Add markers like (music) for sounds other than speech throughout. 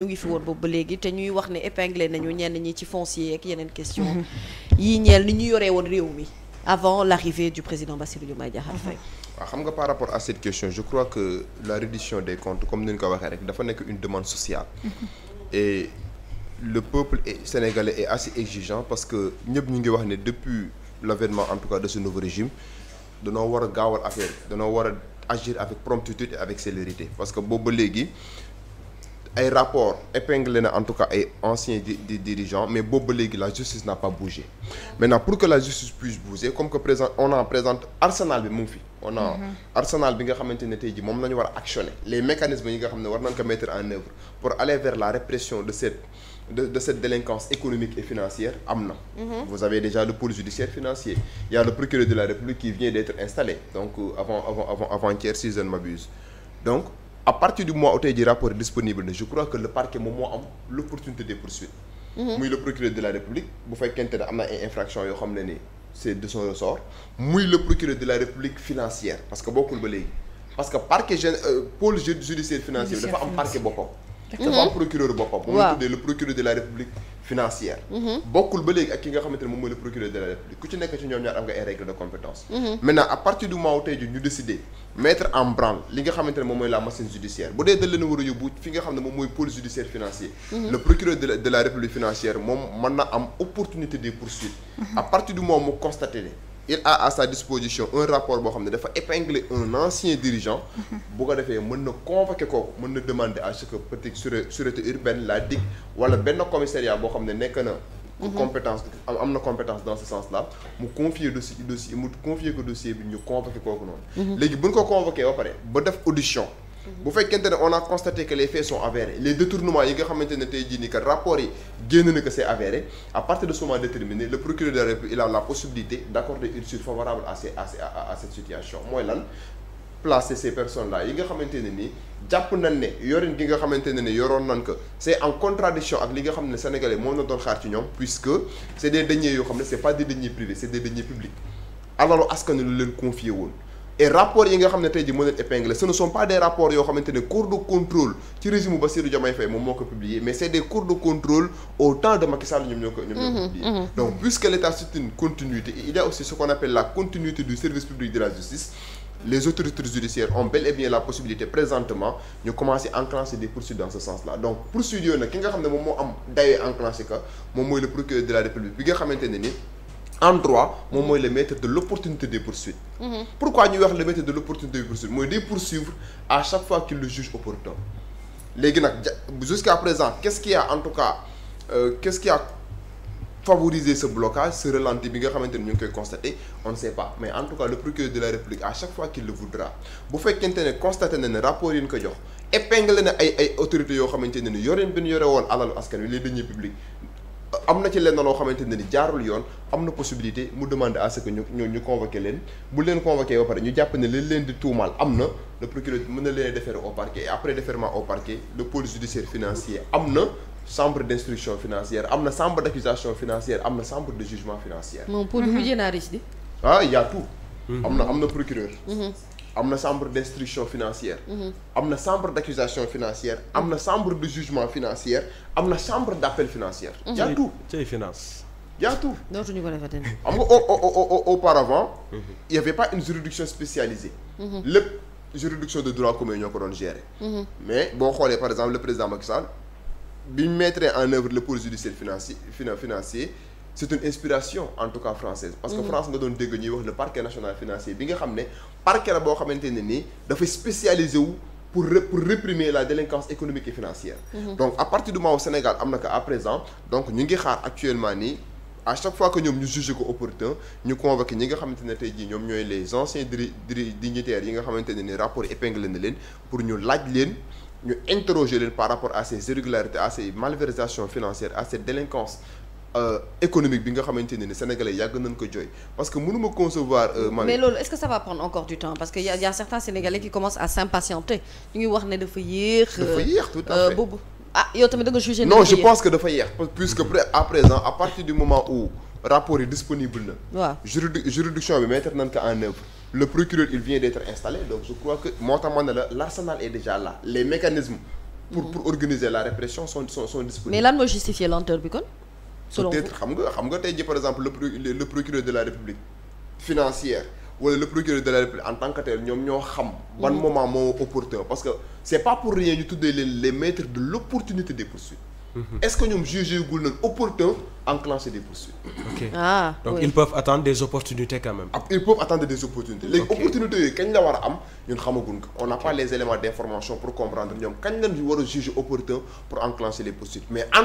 ñu ngi fi woon boobu ba léegi te ñuy wax ne épinglé nañu ñenn ñi ci foncier ak yeneen question mhm. yi ñeel ni ñu yoree woon réew mi avant l'arrivée du président Bassirou Diomaye Diakhar mhm. Faye waa xam nga par rapport à cette question je crois que la reddition des comptes comme ni ñu ko waxee rek dafa nekk une demande sociale mhm. et le peuple sénégalais est assez exigeant parce que ñëpp ñu ngi wax ne depuis l'avènement en tout cas de ce nouveau régime danoo war a gaawal affaire danoo war a agir avec promptitude et avec célérité parce que boobu ba léegi ay rapport épinglé na en tout cas ay anciens di dirigeants mais boobu ba léegi la justice n'a pas bougé maintenant pour que la justice puisse bouger comme que présent on en présente arsenal bi mu fi on a mhm. arsenal bi nga xamante ne tey ji moom la ñu war a actionner les mécanismes yi nga xam ne war nañ ko mettre en œuvre pour aller vers la répression de cette délinquance économique et financière am na. Mhm. vous avez déjà le pôle judiciaire financier il le procureur à partir du moment où tey ji rapport yi disponible na je crois que le parquet moom moo am l' opportunité des mhm. muy le procureur de la république bu fekkente ne am na infraction yoo xam ne ni c' est de son ressort muy le procureur de la république financière parce que bokkul ba léegi parce que parquet euh, pôle judiciaire financier bi dafa am parquet boppam dafa am mhm. procureur boppam moom la tuddee le procureur de la république financière mhm. bokkul ba léegi ak ki nga xamante ne moom mooy le procureur de la république ku ci nekk ci ñoom ñaar am nga ay règles de compétence mhm. maintenant à partir du moment tey ji ñu décider mettre en branle li nga xamante ne mooy la machine judiciaire bu dee da leen war a yóbbu fi nga xam ne moom mooy pôle judiciaire financier le procureur de la de la république financière moom mën na am à partir du moment il a à sa disposition un rapport boo xam ne dafa épingler un ancien dirigeant bu ko defee mën na convoquer kooku mën na demande à ce que peut-être sûreté urbaine la DIC wala benn commissariat boo xam ne nekk na compétence am na compétence dans ce sens-là mu confier dossier dossier mu confier ko dossier bi ñu convoquer kooku noonu mhm. léegi bu ñu ko convoquer ba pare ba def audition bu fekkente ne on a constaté que les faits sont avérés les détournements yi nga xamante ne tey jii nii rapport yi génn na que c' est avéré à de ce déterminé le procureur de la il a la possibilité d' accorder nga xamante ne nii jàpp nañ ne yorin gi nga xamante ne ne yoroon nañ ko c' est en li nga xam ne sénégalais moom na doon xaar ci ñoom puisque c' est des deniers lu leen confié woon. et rapport yi nga xam ne tey ji moo leen épinglé ce ne sont pas des rapports yoo xamante ne cours de contrôle ci régime Bassirou Diomaye Faye moom moo ko publié mais c' est des cours de contrôle au temps de Macky Sall ñoom ñoo ko ñoom ñoo ko mmh, publié mmh, mmh. donc puisque l' état c'est une continuité il y a aussi ce qu'on appelle la continuité du service public de la justice les autorités judiciaires ont bel et bien la possibilité présentement ñu commencer enclencher des poursuites dans ce sens là donc poursuites yooyu nag ki nga xam ne moom moo am dayee enclenché ka moom mooy le procureur de la république bi nga xamante ne ni en droit moom mooy le maître de l'opportunité des poursuites mhm. pourquoi ñuy wax le maître de l'opportunité des poursuites mooy day poursuivre à chaque fois qu'il le juge opportun léegi nag jusqu'à présent quest en tout cas euh, qu'est-ce qui a favoriser ce blocage ce ralenti bi nga xamante ni ñu ngi koy constater on ne sait pas mais en tout cas le procureur de la République à chaque fois qu'il le voudra bu fekkente ne constaté na ne rapport yi ñu ko jox épingle na ay ay yoo xamante ne ni yoreen bi yore woon alalu askan wi lii dañuy public am na ci lenn loo xamante ne ni jaarul yoon am na possibilité mu demande à ce que ñu ñu ñu convoqué leen bu leen convoqué ba pare ñu jàpp ne leen di tuumaal am na le procureur mën na leen déférer au parquet et après défèrement au parquet le police judiciaire financier am na chambre d' instruction financière am na chambre d' accusation financière am na chambre de jugement financière. moom pour bu jënd risque. ah y' a tout. Mhm. am na am na procureur. Mhm. am na chambre d'instruction financière. Mhm. am na chambre d'accusation financière. am na chambre de jugement financière. am na chambre d'appel financière. y a finance. y a tout dootuñu ko defati. xam nga auparavant. il mhm. y avait pas une juridiction spécialisée. Mhm. lépp juridiction de droit commun ñoo ko doon gérer. mais boo xoolee par exemple le président Macky Sall bi ñu mettre en œuvre le pôle judiciaire financier financier. c'est une inspiration en tout cas française parce que mm. France nga doon dégg ñuy wax le parquet national financier bi nga xam ne parquet la boo xamante ne nii dafay spécialisé wu pour pour réprimer la délinquance économique et financière mm-hmm. donc à partir du moment où Sénégal am na ko à présent donc ñu ngi xaar actuellement nii à chaque fois que ñoom ñu jugé ko opportun ñu convoqué ñi nga xamante ne tey jii ñoom ñooy les anciens diri diri dignitaires yi nga xamante ne ni rapport épinglé na leen pour ñu laaj leen ñu interroger leen par rapport à ces irrégularités à ces malversations à cette Euh, économique bi nga xamante ne ni sénégalais yàgg nañ ko jooy parce que mënuma concevoir. Euh, man loolu est-ce que ça va prendre encore du temps parce que y a y a certains sénégalais qui commencent à s'impatienter ñu ngi wax ne dafa yéex. dafa euh, yéex tout à fait boobu ah yow tamit da nga jugé. non je pense que dafa yéex puisque à présent à partir du moment où rapport yi disponible na. juridic juridiction bi mettre nañ ko œuvre. le procureur il vient d'être installé donc je crois que bi kon. selon peut xam nga xam nga tey ji par exemple le le procureur de la république financière wala le procureur de la république en tant que tel ñoom ñoo xam. ban mm-hmm. moment moo opportun parce que c'est pas pour rien ñu tuddee leen les maîtres de l'opportunité des poursuites. Mm-hmm. est-ce que ñoom jugé gul nañ opportun enclencher des poursuites. ok ah donc attendre des opportunités quand même. Ah, ils peuvent attendre des opportunités. léegi opportunités yooyu kañ la war a am ñun xamaguñ ko. on n'a okay. pas les éléments d'information pour comprendre ñoom kañ lañ war a juger opportun pour enclencher les poursuites mais en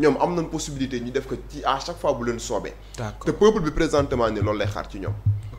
ñoom am nañ possibilité ñu def ko ci à chaque fois bu leen soobee. d'accord te peuple bi présentement ni loolu lay xaar ci ñoom.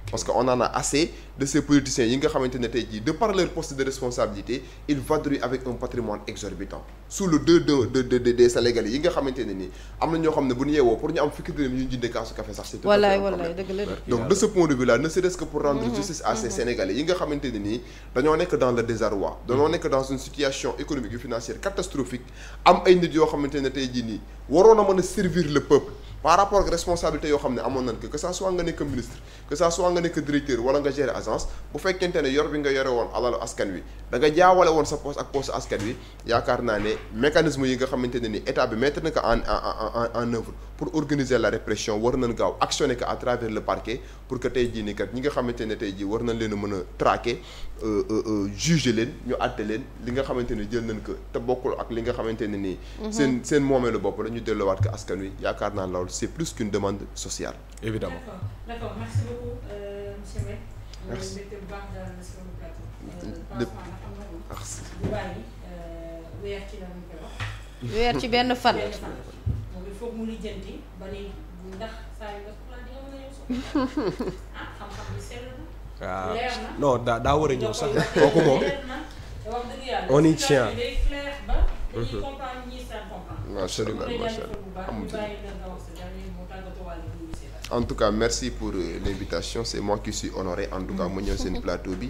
parce que on en a assez de ces politiciens yi nga xamante ne tey jii de par leur poste de responsabilité ils vadrouillent avec un patrimoine exorbitant sous le de de de des yi nga xamante ne nii am na ñoo xam ne bu ñu yeewoo pour ñu am fukki dërëm ñu jëndee kaasu café sax c'est wallaay wallaay dëgg ne serait-ce que pour rendre mm-hmm. justice à ces mm-hmm. yi nga xamante ne nii dañoo nekk dans le désarroi dañoo mm-hmm. nekk dans une situation économique et financière catastrophique am ay nit yoo xamante ne a mën a servir par rapport ak responsabilité yoo xam ne amoon nañ ko que ça soit nga nekk ministre que nga nekk directeur wala nga gérer agence bu fekkente ne yor bi nga yore woon alalu askan wi da nga jaawale woon sa poste ak poste askan wi yaakaar naa ne mécanisme yi nga xamante ne ni état bi mettre na ko en en en œuvre war nañ gaaw actionner ko à travers le parquet pour tey jii nii kat ñi nga ne tey jii war nañ leen a a traquer euh, euh, euh, juger leen ñu àtte leen li nga xamante ne jël nañ ko te bokkul ak li nga xamante ne nii. Mhm. seen seen moomeelu bopp la ñu delluwaat askan wi yaakaar naa loolu c'est plus qu'une demande sociale. évidemment d'accord d'accord weer ci benn fan. ñëw soxla. waaw non daa daa war a ñëw sax kooku moom. on y tient. en tout cas merci pour euh, l'invitation c'est moi qui suis honoré en tout cas ma ñëw seen plateau bi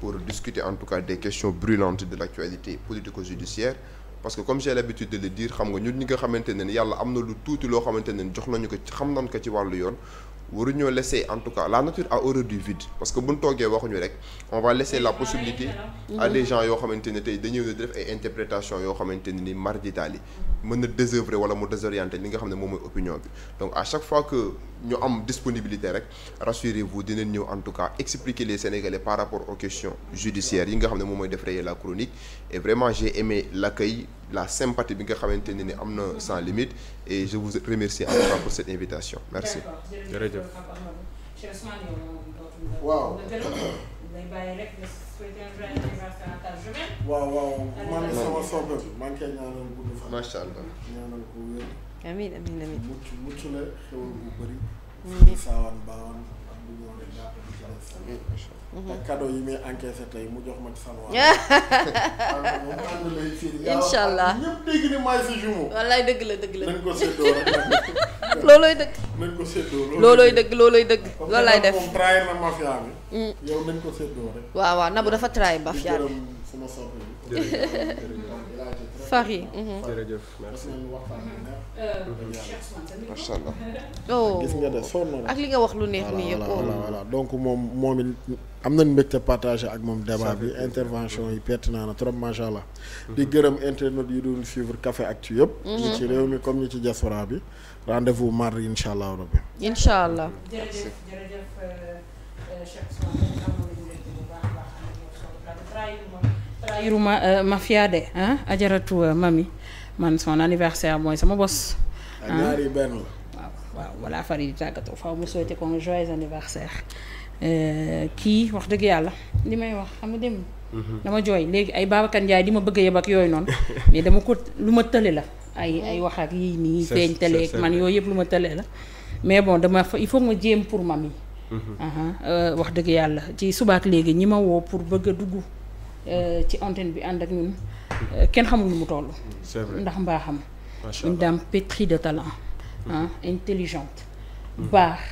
pour discuter en tout cas des questions brûlantes de l'actualité politico-judiciaire parce que comme j'ai l'habitude de le dire xam nga ñun ñi nga xamante ne yàlla am na lu tuuti loo xamante ne jox nañu ko xam nañ ko ci wàllu yoon waruñoo laisser en tout cas la nature a horreur du vide parce que buñ toogee waxuñu rek on va laisser la possibilité à ne tey dañuy def ay yoo xamante ne ni mardi daal yi mën na désœuvrer wala nga xam ne moom mooy opinion bi donc ñu am disponibilité rek rassurez-vous dinañ ñëw en tout cas expliquer les Sénégalais par rapport aux questions judiciaires yi nga xam ne moom mooy def rayé la chronique et vraiment j'ai aimé l'accueil la sympathie bi nga xamante ne ni am na sans limite et je vous remercie en tout cette invitation merci jërëjëf waaw amiin amiin amiin mucc mucc la xewal bu bëri. fii mm-hmm. saawaan baawaan ak lu ñëw rek daa ci des. yi mu jox ma ci sànwaar. (laughs) incha allah ñëpp dégg wallaay dëgg la dëgg la ko séddoo rek. (laughs) loolooy dëgg. nañ ko séddoo loolooy dëgg loolooy dëgg. loolu laay def comme trahir na mafia bi. Mm. yow nañ ko séddoo waaw waaw Nabou dafa trahir mafia bi. sama sopp bi. far yi. jërëjëf gis nga de sonn ak li nga wax lu neex mi yëpp. voilà voilà donc moom moom it am nañ mbégte partagé ak moom débat bi intervention yi pertinent na trop macha allah. di gërëm internet yi doon suivre Café Actu yëpp. ñi ci réew mi comme ñi ci diaspora bi rendez-vous mardi incha allah rabbi. incha allah. trahiruma euh, mafia de ah ajaratu euh, man son mooy sama bos. Ah, waaw waaw balaa yi tàggatoo faaw mu souhaité ko nga joyeux euh, wax dëgg yàlla li may wax xam nga mhm. dama jooy léegi ay Babacar Ndiaye ma bëgg a ak yooyu noonu (laughs) mais dama ko lu ma tële la ay ay wax ak yii nii feeñ tële man yooyu yëpp lu ma tële la mais bon dama fa ma jéem pour mami. Mhm. wax dëgg yàlla ci subaak léegi ñi ma woo pour bëgg a dugg. Euh, ci antenne bi ànd ak ñun euh, kenn xamul nu mu toll. ndax mbaaxam. macha allah une dame de talent. intelligente hmm. baax